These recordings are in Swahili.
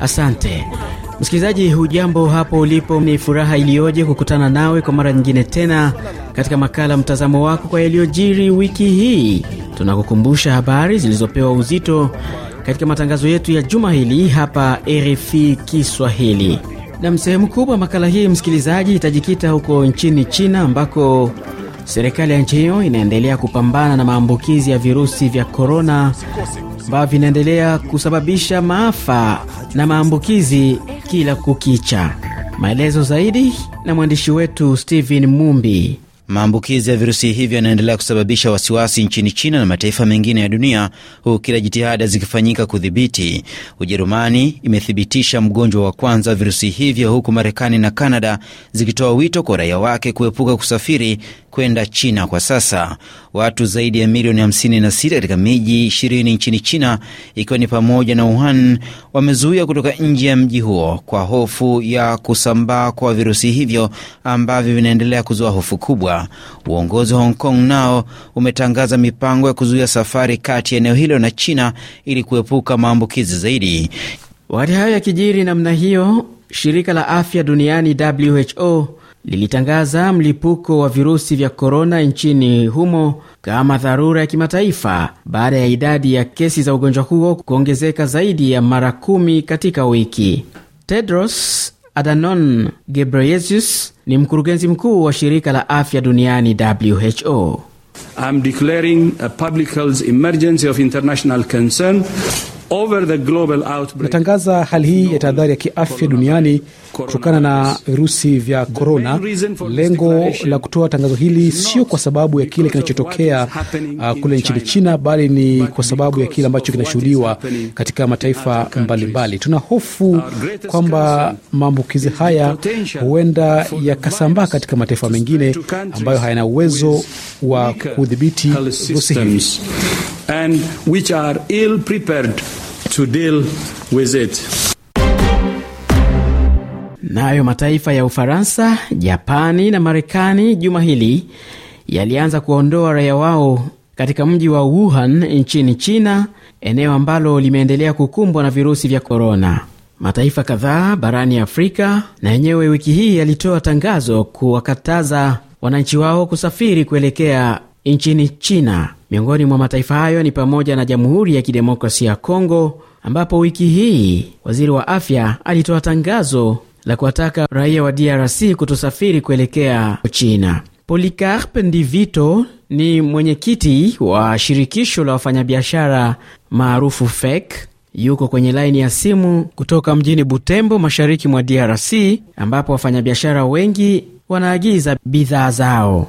Asante msikilizaji, hujambo hapo ulipo? Ni furaha iliyoje kukutana nawe kwa mara nyingine tena katika makala mtazamo wako kwa yaliyojiri wiki hii. Tunakukumbusha habari zilizopewa uzito katika matangazo yetu ya juma hili hapa RFI Kiswahili, Nam, sehemu kubwa makala hii msikilizaji, itajikita huko nchini China ambako Serikali ya nchi hiyo inaendelea kupambana na maambukizi ya virusi vya korona ambavyo vinaendelea kusababisha maafa na maambukizi kila kukicha. Maelezo zaidi na mwandishi wetu stephen Mumbi. Maambukizi ya virusi hivyo yanaendelea kusababisha wasiwasi nchini China na mataifa mengine ya dunia, huku kila jitihada zikifanyika kudhibiti. Ujerumani imethibitisha mgonjwa wa kwanza wa virusi hivyo, huku Marekani na Kanada zikitoa wito kwa raia wake kuepuka kusafiri kwenda China kwa sasa watu zaidi ya milioni 56 katika miji 20 nchini China, ikiwa ni pamoja na Wuhan, wamezuia kutoka nje ya mji huo kwa hofu ya kusambaa kwa virusi hivyo ambavyo vinaendelea kuzua hofu kubwa. Uongozi wa Hong Kong nao umetangaza mipango ya kuzuia safari kati ya eneo hilo na China ili kuepuka maambukizi zaidi. Wakati hayo yakijiri namna hiyo, shirika la afya duniani WHO lilitangaza mlipuko wa virusi vya korona nchini humo kama dharura ya kimataifa baada ya idadi ya kesi za ugonjwa huo kuongezeka zaidi ya mara kumi katika wiki. Tedros adanon gebreyesus ni mkurugenzi mkuu wa shirika la afya duniani WHO. I'm declaring a public health emergency of international concern over the global outbreak. Natangaza hali hii ya tahadhari ya kiafya duniani kutokana na virusi vya korona. Lengo la kutoa tangazo hili sio kwa sababu ya kile kinachotokea uh, kule nchini China, bali ni kwa sababu ya kile ambacho kinashuhudiwa katika mataifa mbalimbali. Tuna hofu kwamba maambukizi haya huenda yakasambaa katika mataifa mengine ambayo hayana uwezo wa kudhibiti virusi hivi. Nayo mataifa ya Ufaransa, Japani na Marekani juma hili yalianza kuondoa raia wao katika mji wa Wuhan nchini China, eneo ambalo limeendelea kukumbwa na virusi vya korona. Mataifa kadhaa barani Afrika na yenyewe wiki hii yalitoa tangazo kuwakataza wananchi wao kusafiri kuelekea nchini China. Miongoni mwa mataifa hayo ni pamoja na Jamhuri ya Kidemokrasia ya Kongo, ambapo wiki hii waziri wa afya alitoa tangazo la kuwataka raia wa DRC kutosafiri kuelekea China. Polikarp Ndivito ni mwenyekiti wa shirikisho la wafanyabiashara maarufu FEC. Yuko kwenye laini ya simu kutoka mjini Butembo, mashariki mwa DRC, ambapo wafanyabiashara wengi wanaagiza bidhaa zao.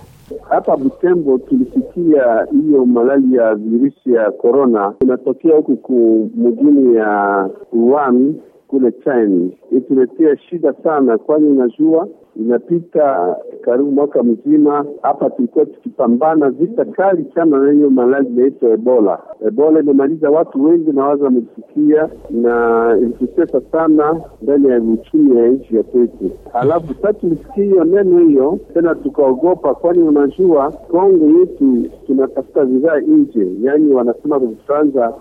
Hapa Butembo tulifikia hiyo malali ya virusi ya korona inatokea huku ku mjini ya Wuhan kule China, ituletea shida sana, kwani unajua inapita karibu mwaka mzima hapa, tulikuwa tukipambana vita kali sana hiyo maradhi inaitwa Ebola. Ebola imemaliza watu wengi na waza na ilitutesa sana ndani ya uchumi ya nchi ya kwetu. alafu sa tulisikia hiyo neno hiyo tena, tukaogopa, kwani unajua Kongo yetu tunatafuta bidhaa nje, yaani wanasema kwa Kifaransa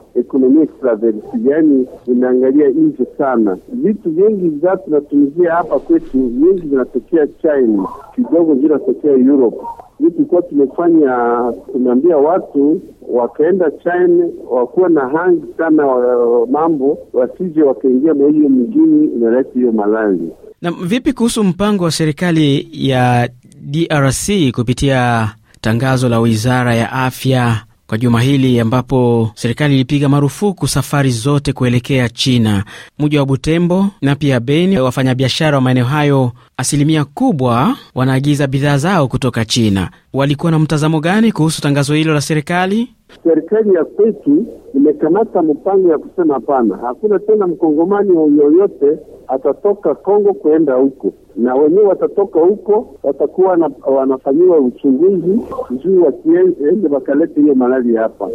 yaani inaangalia nje sana. Vitu vingi vidhaa tunatumizia hapa kwetu, vingi vinatoka kutokea China kidogo, vile kutokea Europe. Hii tulikuwa tumefanya, tumeambia watu wakaenda China wakuwa na hangi sana wa, mambo wasije wakaingia na hiyo mjini inaleta hiyo maradhi. Na vipi kuhusu mpango wa serikali ya DRC kupitia tangazo la wizara ya afya kwa juma hili ambapo serikali ilipiga marufuku safari zote kuelekea China. Mji wa Butembo na pia Beni, wafanyabiashara wa maeneo hayo asilimia kubwa wanaagiza bidhaa zao kutoka China. Walikuwa na mtazamo gani kuhusu tangazo hilo la serikali? Serikali ya kwetu imekamata mpango ya kusema hapana, hakuna tena mkongomani yoyote atatoka Kongo kuenda huko, na wenyewe watatoka huko watakuwa wanafanyiwa uchunguzi juu wakiende wakalete hiyo malali hapa.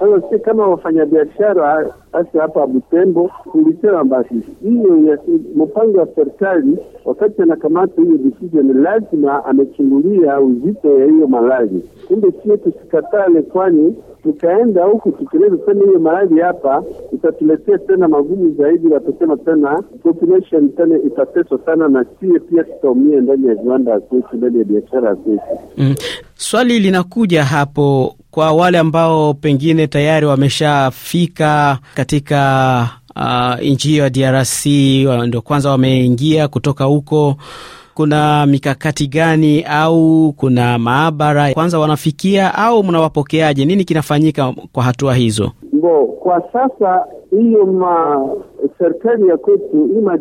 Sasa si kama wafanyabiashara hasa hapa Butembo, tulisema basi hiyo mpango wa serikali wakati anakamata hiyo decision lazima amechungulia uzito ya hiyo malali Kumbe sio tusikatale, kwani tukaenda huku tukieleza tena hiyo malali hapa itatuletea tena magumu zaidi, watasema tena nation tena itateswa sana, na sie pia tutaumia ndani ya viwanda zetu, ndani ya biashara zetu. Mm. Swali linakuja hapo kwa wale ambao pengine tayari wameshafika katika uh, nchi hiyo ya DRC, ndio kwanza wameingia kutoka huko kuna mikakati gani au kuna maabara kwanza wanafikia au mnawapokeaje? Nini kinafanyika kwa hatua hizo? Bo, kwa sasa hiyo ma serikali ya kwetu hii ma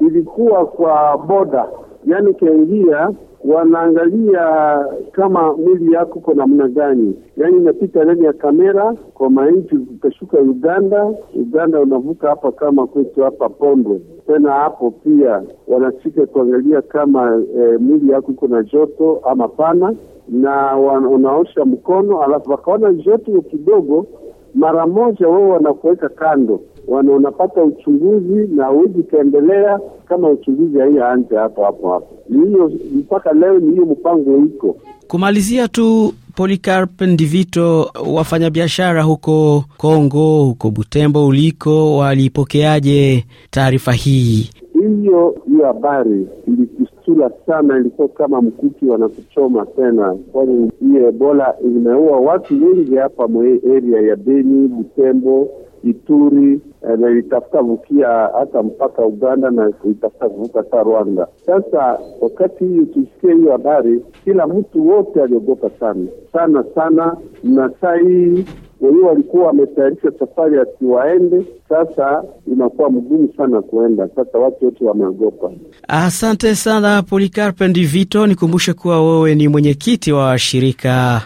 ilikuwa kwa boda, yani kaingia wanaangalia kama mwili yako kwa namna gani, yaani inapita ndani ya kamera kwa manchi. Ukashuka Uganda, Uganda unavuka hapa kama kwetu hapa Pondo, tena hapo pia wanashika kuangalia kama e, mwili yako iko na joto ama pana, na unaosha mkono, alafu wakaona joto kidogo, mara moja wao wanakuweka kando wanaonapata uchunguzi na huwezi ukaendelea kama uchunguzi haiyaanja hapo hapo hapo. Ni hiyo mpaka leo, ni hiyo mpango iko kumalizia tu. polycarp Ndivito, wafanyabiashara huko Kongo, huko Butembo uliko, walipokeaje taarifa hii? Hiyo hiyo habari ilikusula sana, ilikuwa kama mkuki wanakuchoma tena, kwani hiyo Ebola imeua watu wengi hapa area ya Beni, Butembo Ituri eh, na ilitafuta vukia hata mpaka Uganda na ilitafuta kuvuka hata Rwanda. Sasa wakati hiyo ukisikia hiyo habari, kila mtu wote aliogopa sana sana sana, na saa hii wenyewe walikuwa wametayarisha safari asiwaende sasa inakuwa mgumu sana kuenda. Sasa watu wote wameogopa. Asante sana Polikarpe Ndivito, nikumbushe kuwa wewe ni mwenyekiti wa shirika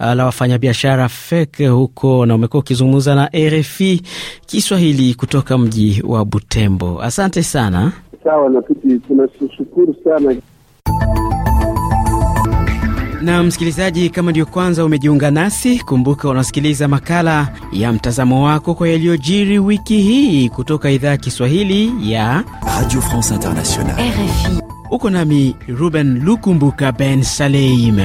uh, la wafanyabiashara fek huko na umekuwa ukizungumza na RFI Kiswahili kutoka mji wa Butembo. Asante sana. Sawa na tuti, tunashukuru sana. Na msikilizaji, kama ndiyo kwanza umejiunga nasi, kumbuka unasikiliza makala ya mtazamo wako kwa yaliyojiri wiki hii kutoka idhaa ya Kiswahili ya Radio France Internationale, Uko nami Ruben Lukumbuka Ben Saleim.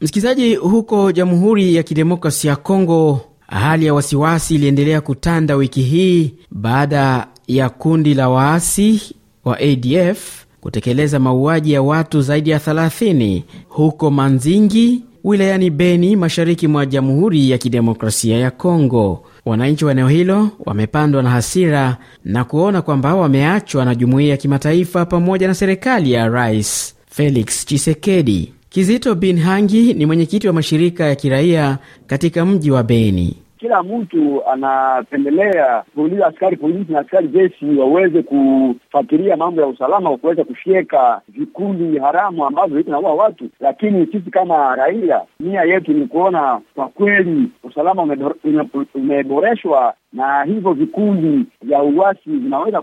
Msikilizaji, huko Jamhuri ya Kidemokrasi ya congo hali ya wasiwasi iliendelea kutanda wiki hii baada ya kundi la waasi wa ADF kutekeleza mauaji ya watu zaidi ya 30 huko Manzingi wilayani Beni mashariki mwa Jamhuri ya Kidemokrasia ya Kongo. Wananchi wa eneo hilo wamepandwa na hasira na kuona kwamba wameachwa na jumuiya ya kimataifa pamoja na serikali ya Rais Felix Tshisekedi. Kizito Bin Hangi ni mwenyekiti wa mashirika ya kiraia katika mji wa Beni kila mtu anapendelea kuuliza askari polisi na askari jeshi waweze kufuatilia mambo ya usalama wa kuweza kufyeka vikundi haramu ambavyo viko naua watu, lakini sisi kama raia, nia yetu ni kuona kwa kweli usalama umeboreshwa na hivyo vikundi vya uasi vinaweza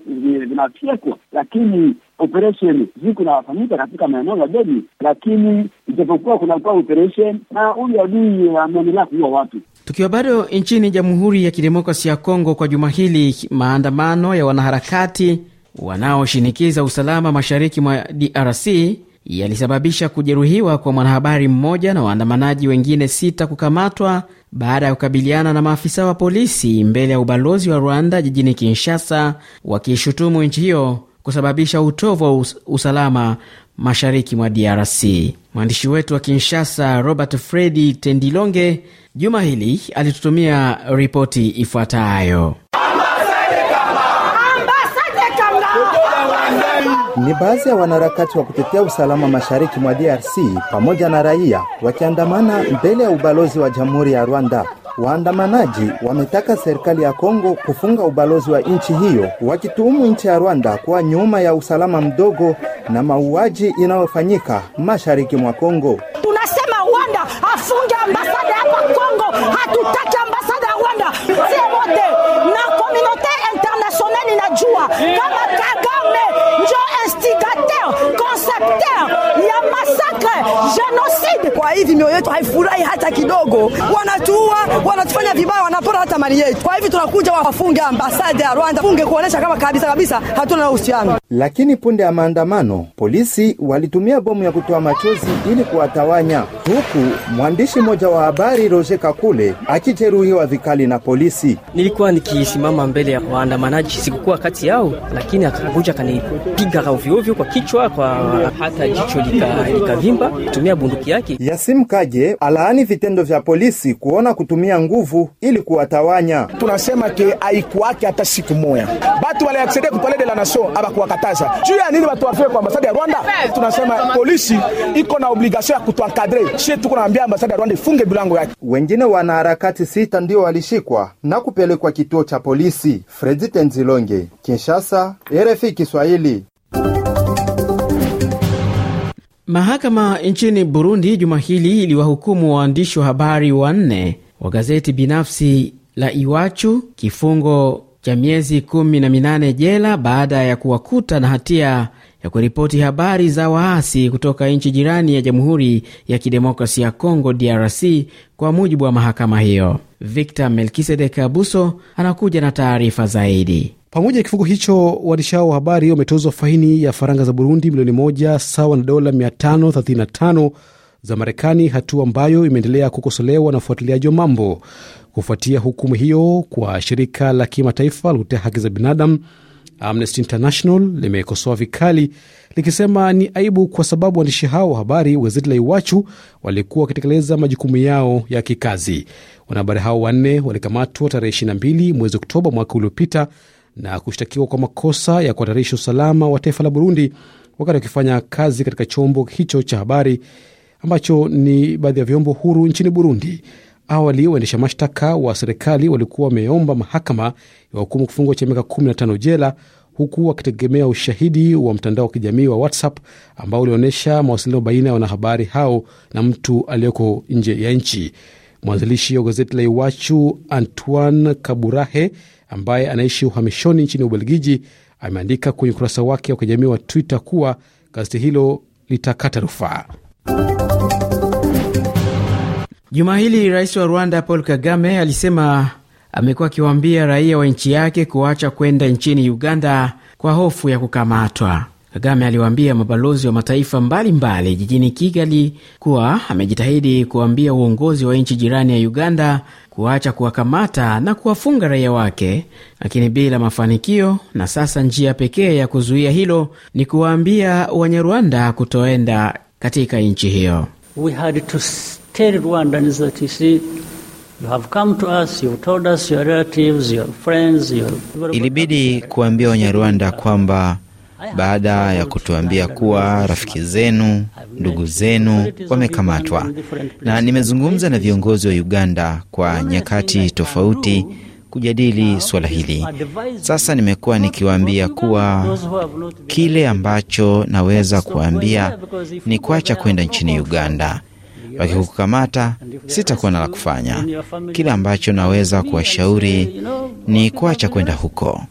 vinafyekwa, lakini operesheni ziko nafanyika katika maeneo ya Beni, lakini ijapokuwa kunakuwa operesheni na huyu adui ameendelea kuua watu. Tukiwa bado nchini Jamhuri ya Kidemokrasia ya Kongo, kwa juma hili maandamano ya wanaharakati wanaoshinikiza usalama mashariki mwa DRC yalisababisha kujeruhiwa kwa mwanahabari mmoja na waandamanaji wengine sita kukamatwa baada ya kukabiliana na maafisa wa polisi mbele ya ubalozi wa Rwanda jijini Kinshasa, wakiishutumu nchi hiyo kusababisha utovu wa usalama mashariki mwa DRC. Mwandishi wetu wa Kinshasa, Robert Fredi Tendilonge, juma hili alitutumia ripoti ifuatayo. Ni baadhi ya wanaharakati wa kutetea usalama mashariki mwa DRC pamoja na raia wakiandamana mbele ya ubalozi wa Jamhuri ya Rwanda Waandamanaji wametaka serikali ya Kongo kufunga ubalozi wa nchi hiyo, wakituhumu nchi ya Rwanda kuwa nyuma ya usalama mdogo na mauaji inayofanyika mashariki mwa Kongo. Tunasema Rwanda afunge ambasada hapa Kongo, hatutaki ambasada ya Rwanda siemote na komunote internasionali inajua kama Kagame njo instigateur concepteur ya masa genocide. Kwa hivi mioyo yetu haifurahi hata kidogo, wanatuua, wanatufanya vibaya, wanapora hata mali yetu. Kwa hivi tunakuja wafunge ambasada ya Rwanda, funge kuonesha kama kabisa kabisa hatuna uhusiano. Lakini punde ya maandamano, polisi walitumia bomu ya kutoa machozi ili kuwatawanya, huku mwandishi mmoja wa habari roje Kakule akijeruhiwa vikali na polisi. Nilikuwa nikisimama mbele ya waandamanaji, sikukuwa kati yao, lakini akakuja akanipiga kaovyoovyo kwa kichwa, kwa hata jicho likavimba, lika kutumia bunduki yake. Yasim Kaje alaani vitendo vya polisi kuona kutumia nguvu ili kuwatawanya. Tunasema ke haikuwake hata siku moya batu wale kukataza juu ya nini? Watu wafie kwa ambasada ya Rwanda, tunasema polisi iko na obligation ya kutuankadre, sie tuko naambia ambasada ya Rwanda ifunge bilango yake. Wengine wanaharakati sita ndio walishikwa na kupelekwa kituo cha polisi. Fredi Tenzilonge, Kinshasa, RFI Kiswahili. Mahakama nchini Burundi juma hili iliwahukumu waandishi wa habari wanne wa gazeti binafsi la Iwachu kifungo cha miezi kumi na minane jela baada ya kuwakuta na hatia ya kuripoti habari za waasi kutoka nchi jirani ya Jamhuri ya kidemokrasi ya congo DRC kwa mujibu wa mahakama hiyo. Victor Melkisedek Abuso anakuja na taarifa zaidi. Pamoja na kifungo hicho, waandishi hao wa habari wametozwa faini ya faranga za Burundi milioni moja sawa na dola 535 za Marekani, hatua ambayo imeendelea kukosolewa na ufuatiliaji wa mambo kufuatia hukumu hiyo kwa shirika la kimataifa la kutetea haki za binadamu Amnesty International limekosoa vikali likisema ni aibu kwa sababu waandishi hao wa habari Weziti la Iwachu walikuwa wakitekeleza majukumu yao ya kikazi. Wanahabari hao wanne walikamatwa tarehe 22 mwezi Oktoba mwaka uliopita na kushtakiwa kwa makosa ya kuhatarisha usalama wa taifa la Burundi wakati wakifanya kazi katika chombo hicho cha habari ambacho ni baadhi ya vyombo huru nchini Burundi. Awali waendesha mashtaka wa serikali walikuwa wameomba mahakama ya wahukumu kifungo cha miaka 15 jela huku wakitegemea ushahidi wa mtandao wa kijamii wa WhatsApp ambao ulionyesha mawasiliano baina ya wanahabari hao na mtu aliyoko nje ya nchi. Mwanzilishi wa gazeti la Iwachu Antoine Kaburahe ambaye anaishi uhamishoni nchini Ubelgiji ameandika kwenye ukurasa wake wa kijamii wa Twitter kuwa gazeti hilo litakata rufaa. Juma hili rais wa Rwanda Paul Kagame alisema amekuwa akiwaambia raia wa nchi yake kuacha kwenda nchini Uganda kwa hofu ya kukamatwa. Kagame aliwaambia mabalozi wa mataifa mbalimbali mbali jijini Kigali kuwa amejitahidi kuwaambia uongozi wa nchi jirani ya Uganda kuacha kuwakamata na kuwafunga raia wake, lakini bila mafanikio, na sasa njia pekee ya kuzuia hilo ni kuwaambia Wanyarwanda kutoenda katika nchi hiyo. We had to tell Rwandans that you see Ilibidi kuambia Wanyarwanda kwamba baada ya kutuambia kuwa rafiki zenu, ndugu zenu wamekamatwa, na nimezungumza na viongozi wa Uganda kwa nyakati tofauti kujadili suala hili. Sasa nimekuwa nikiwaambia kuwa kile ambacho naweza kuwaambia ni kuacha kwenda nchini Uganda. Wakikukamata sitakuwa na la kufanya. Kile ambacho naweza kuwashauri ni kuacha kwenda huko.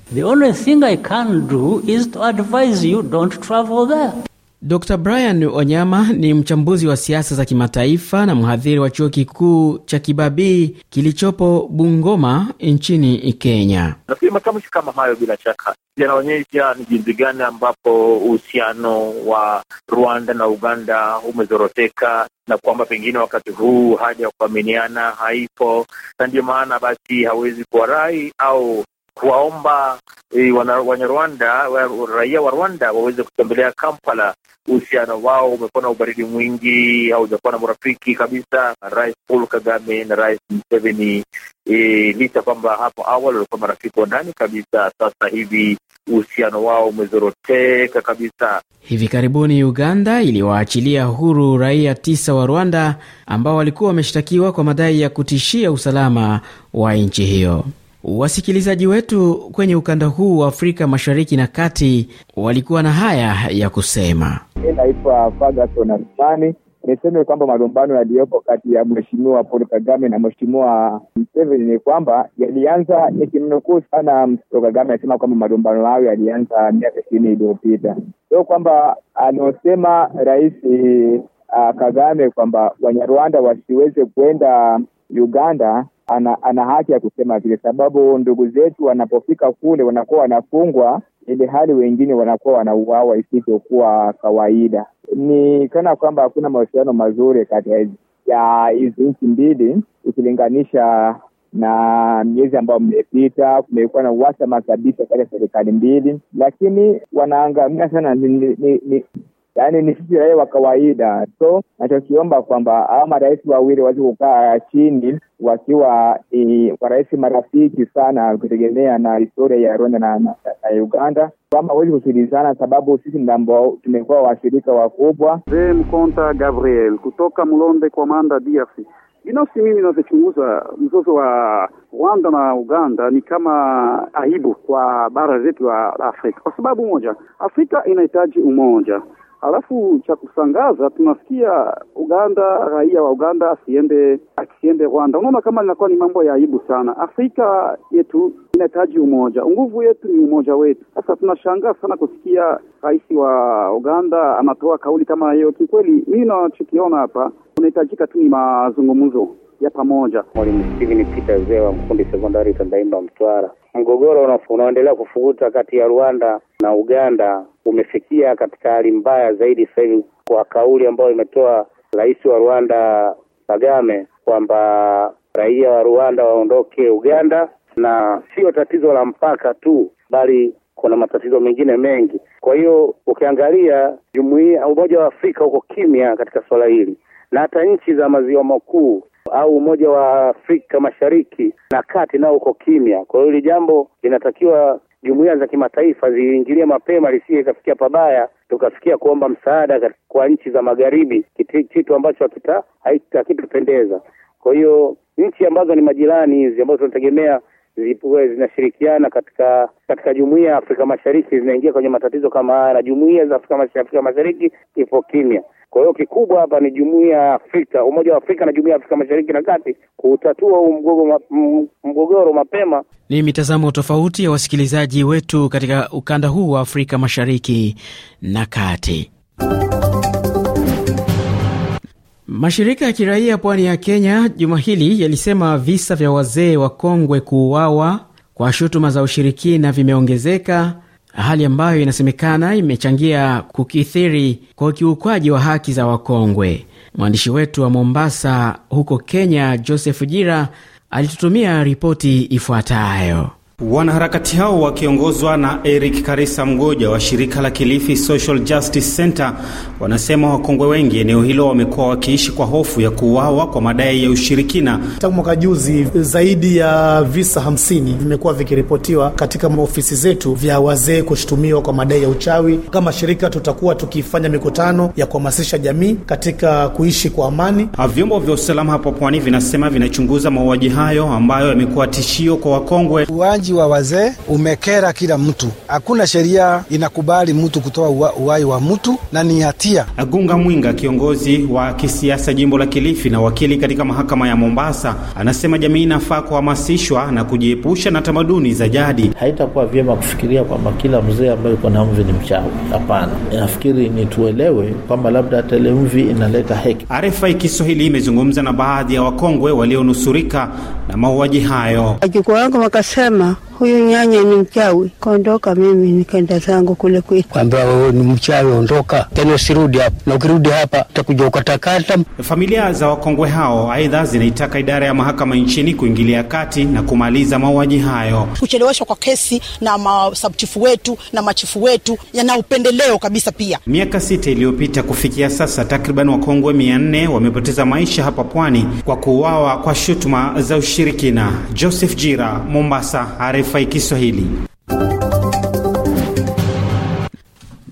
Dr Brian Onyama ni mchambuzi wa siasa za kimataifa na mhadhiri wa chuo kikuu cha Kibabii kilichopo Bungoma nchini Kenya. Nafikiri matamshi kama hayo bila shaka yanaonyesha ni jinsi gani ambapo uhusiano wa Rwanda na Uganda umezoroteka na kwamba pengine wakati huu haja ya kuaminiana haipo, na ndiyo maana basi hawezi kuwarai au kuwaomba e, eh, Wanyarwanda raia wa Rwanda waweze kutembelea Kampala. Uhusiano wao umekuwa na ubaridi mwingi, haujakuwa na urafiki kabisa. Rais Paul Kagame na Rais Museveni e, licha kwamba hapo awali walikuwa marafiki wa ndani kabisa, sasa hivi uhusiano wao umezoroteka kabisa. Hivi karibuni Uganda iliwaachilia huru raia tisa wa Rwanda ambao walikuwa wameshtakiwa kwa madai ya kutishia usalama wa nchi hiyo. Wasikilizaji wetu kwenye ukanda huu wa Afrika Mashariki na Kati walikuwa na haya ya kusema. Naitwa Fagason asmani Niseme kwamba malumbano yaliyopo kati ya Mheshimiwa Paul Kagame na Mheshimiwa mseveni ni kwamba yalianza, nikimnukuu sana Paul Kagame, anasema kwamba malumbano hayo yalianza miaka ishirini iliyopita. Sio kwamba anaosema Rais uh, Kagame kwamba Wanyarwanda wasiweze kwenda Uganda ana, ana haki ya kusema vile, sababu ndugu zetu wanapofika kule wanakuwa wanafungwa ili hali wengine wanakuwa wanauawa isivyokuwa kawaida. Ni kana kwamba hakuna mahusiano mazuri kati ya hizi nchi mbili, ukilinganisha na miezi ambayo mmepita, kumekuwa na uhasama kabisa kati ya serikali mbili, lakini wanaangamia sana ni, ni, ni, yaani ni sisi raia wa kawaida. So nachokiomba kwamba hawa marais wawili waweze kukaa chini wakiwa marais marafiki sana, kutegemea na historia ya Rwanda na, na, na Uganda kwamba wezi kusikilizana, sababu sisi ndambo tumekuwa washirika wakubwa. Mzee Mkonta Gabriel kutoka Mlonde kwa Manda, DRC. Binafsi mimi ninavyochunguza mzozo wa Rwanda na Uganda ni kama aibu kwa bara zetu la Afrika, kwa sababu moja, Afrika inahitaji umoja Alafu cha kusangaza tunasikia Uganda, raia wa Uganda asiende akisiende Rwanda. Unaona kama linakuwa ni mambo ya aibu sana. Afrika yetu inahitaji umoja, nguvu yetu ni umoja wetu. Sasa tunashangaa sana kusikia rais wa Uganda anatoa kauli kama hiyo. Kikweli mimi nachokiona hapa, unahitajika tu ni mazungumzo ya pamoja. Mwalimu Steven Peter Zewa, mkundi sekondari Tandaimba, Mtwara. Mgogoro unaoendelea kufukuta kati ya Rwanda na Uganda umefikia katika hali mbaya zaidi sasa hivi kwa kauli ambayo imetoa rais wa Rwanda Kagame kwamba raia wa Rwanda waondoke Uganda, na sio tatizo la mpaka tu, bali kuna matatizo mengine mengi. Kwa hiyo ukiangalia jumuiya Umoja wa Afrika uko kimya katika swala hili, na hata nchi za maziwa makuu au Umoja wa Afrika Mashariki na Kati nao uko kimya. Kwa hiyo hili jambo linatakiwa jumuiya za kimataifa ziingilie mapema, lisije ikafikia pabaya tukafikia kuomba msaada kwa nchi za magharibi, kitu ambacho hakitupendeza. Kwa hiyo nchi ambazo ni majirani hizi ambazo tunategemea ziwe zinashirikiana katika katika jumuiya ya Afrika Mashariki zinaingia kwenye matatizo kama haya, na jumuiya za Afrika Mashariki ipo kimya. Kwa hiyo kikubwa hapa ni jumuiya ya Afrika, Umoja wa Afrika na jumuiya ya Afrika Mashariki na Kati kutatua huu mgogoro mapema. Ni mitazamo tofauti ya wasikilizaji wetu katika ukanda huu wa Afrika Mashariki na Kati. Mashirika ya kiraia pwani ya Kenya juma hili yalisema visa vya wazee wakongwe kuuawa kwa shutuma za ushirikina vimeongezeka hali ambayo inasemekana imechangia kukithiri kwa ukiukwaji wa haki za wakongwe. Mwandishi wetu wa Mombasa huko Kenya, Joseph Jira alitutumia ripoti ifuatayo. Wanaharakati hao wakiongozwa na Eric Karisa Mgoja wa shirika la Kilifi Social Justice Center wanasema wakongwe wengi eneo hilo wamekuwa wakiishi kwa hofu ya kuuawa kwa madai ya ushirikina. Tangu mwaka juzi, zaidi ya visa hamsini vimekuwa vikiripotiwa katika ofisi zetu vya wazee kushutumiwa kwa madai ya uchawi. Kama shirika, tutakuwa tukifanya mikutano ya kuhamasisha jamii katika kuishi kwa amani. Ah, vyombo vya usalama hapo pwani vinasema vinachunguza mauaji hayo ambayo yamekuwa tishio kwa wakongwe Uanji umiliki wa wazee umekera kila mtu. Hakuna sheria inakubali mtu kutoa uhai wa mtu na ni hatia. Agunga Mwinga, kiongozi wa kisiasa jimbo la Kilifi na wakili katika mahakama ya Mombasa, anasema jamii inafaa kuhamasishwa na kujiepusha na tamaduni za jadi. Haitakuwa vyema kufikiria kwamba kila mzee ambaye uko na mvi ni mchawi. Hapana, nafikiri ni tuelewe kwamba labda hata mvi inaleta heki. RFI Kiswahili imezungumza na baadhi ya wakongwe walionusurika na mauaji hayo. Wajukuu wakasema huyu nyanya ni mchawi, kaondoka. Mimi nikaenda zangu kule kwetu, kwambia wewe ni mchawi, ondoka tena usirudi hapa, na ukirudi hapa utakuja ukatakata. Familia za wakongwe hao aidha zinaitaka idara ya mahakama nchini kuingilia kati na kumaliza mauaji hayo. Kucheleweshwa kwa kesi na masabuchifu wetu na machifu wetu yana upendeleo kabisa. Pia miaka sita iliyopita kufikia sasa, takriban wakongwe mia nne wamepoteza maisha hapa pwani kwa kuuawa kwa shutuma za ushirikina. Joseph Jira, Mombasa, RFI. RFI Kiswahili.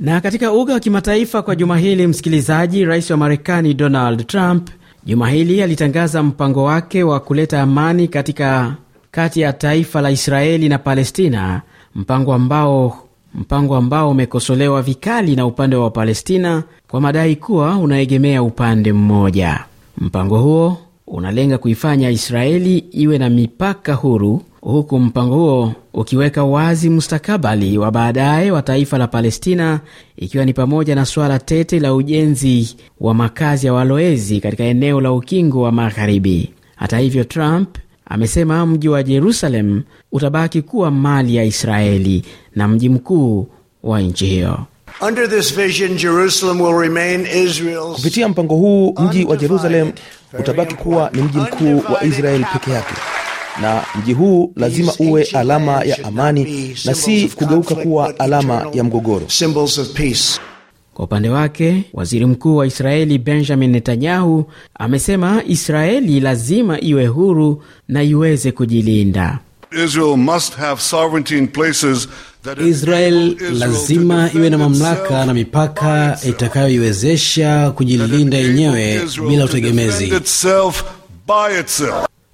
Na katika uga wa kimataifa kwa juma hili, msikilizaji, rais wa Marekani Donald Trump juma hili alitangaza mpango wake wa kuleta amani katika kati ya taifa la Israeli na Palestina, mpango ambao mpango ambao umekosolewa vikali na upande wa Palestina kwa madai kuwa unaegemea upande mmoja. Mpango huo unalenga kuifanya Israeli iwe na mipaka huru huku mpango huo ukiweka wazi mustakabali wa baadaye wa taifa la Palestina, ikiwa ni pamoja na suala tete la ujenzi wa makazi ya walowezi katika eneo la ukingo wa Magharibi. Hata hivyo, Trump amesema mji wa Jerusalem utabaki kuwa mali ya Israeli na mji mkuu wa nchi hiyo. Kupitia mpango huu, mji wa Jerusalem utabaki kuwa ni mji mkuu wa Israeli peke yake na mji huu lazima uwe alama ya amani na si kugeuka kuwa alama ya mgogoro. Kwa upande wake, waziri mkuu wa Israeli Benjamin Netanyahu amesema Israeli lazima iwe huru na iweze kujilinda. Israel lazima iwe na mamlaka na mipaka itakayoiwezesha kujilinda yenyewe bila utegemezi.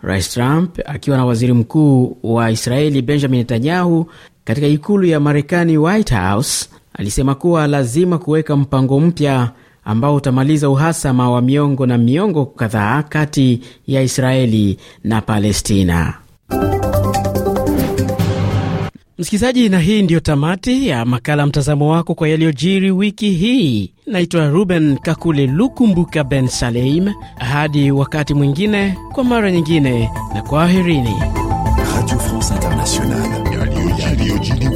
Rais Trump akiwa na waziri mkuu wa Israeli Benjamin Netanyahu katika ikulu ya Marekani, White House, alisema kuwa lazima kuweka mpango mpya ambao utamaliza uhasama wa miongo na miongo kadhaa kati ya Israeli na Palestina. Msikilizaji, na hii ndiyo tamati ya makala mtazamo wako kwa yaliyojiri wiki hii. Naitwa Ruben Kakule Lukumbuka Ben Saleim. Hadi wakati mwingine, kwa mara nyingine, na kwaherini. Radio France Internationale.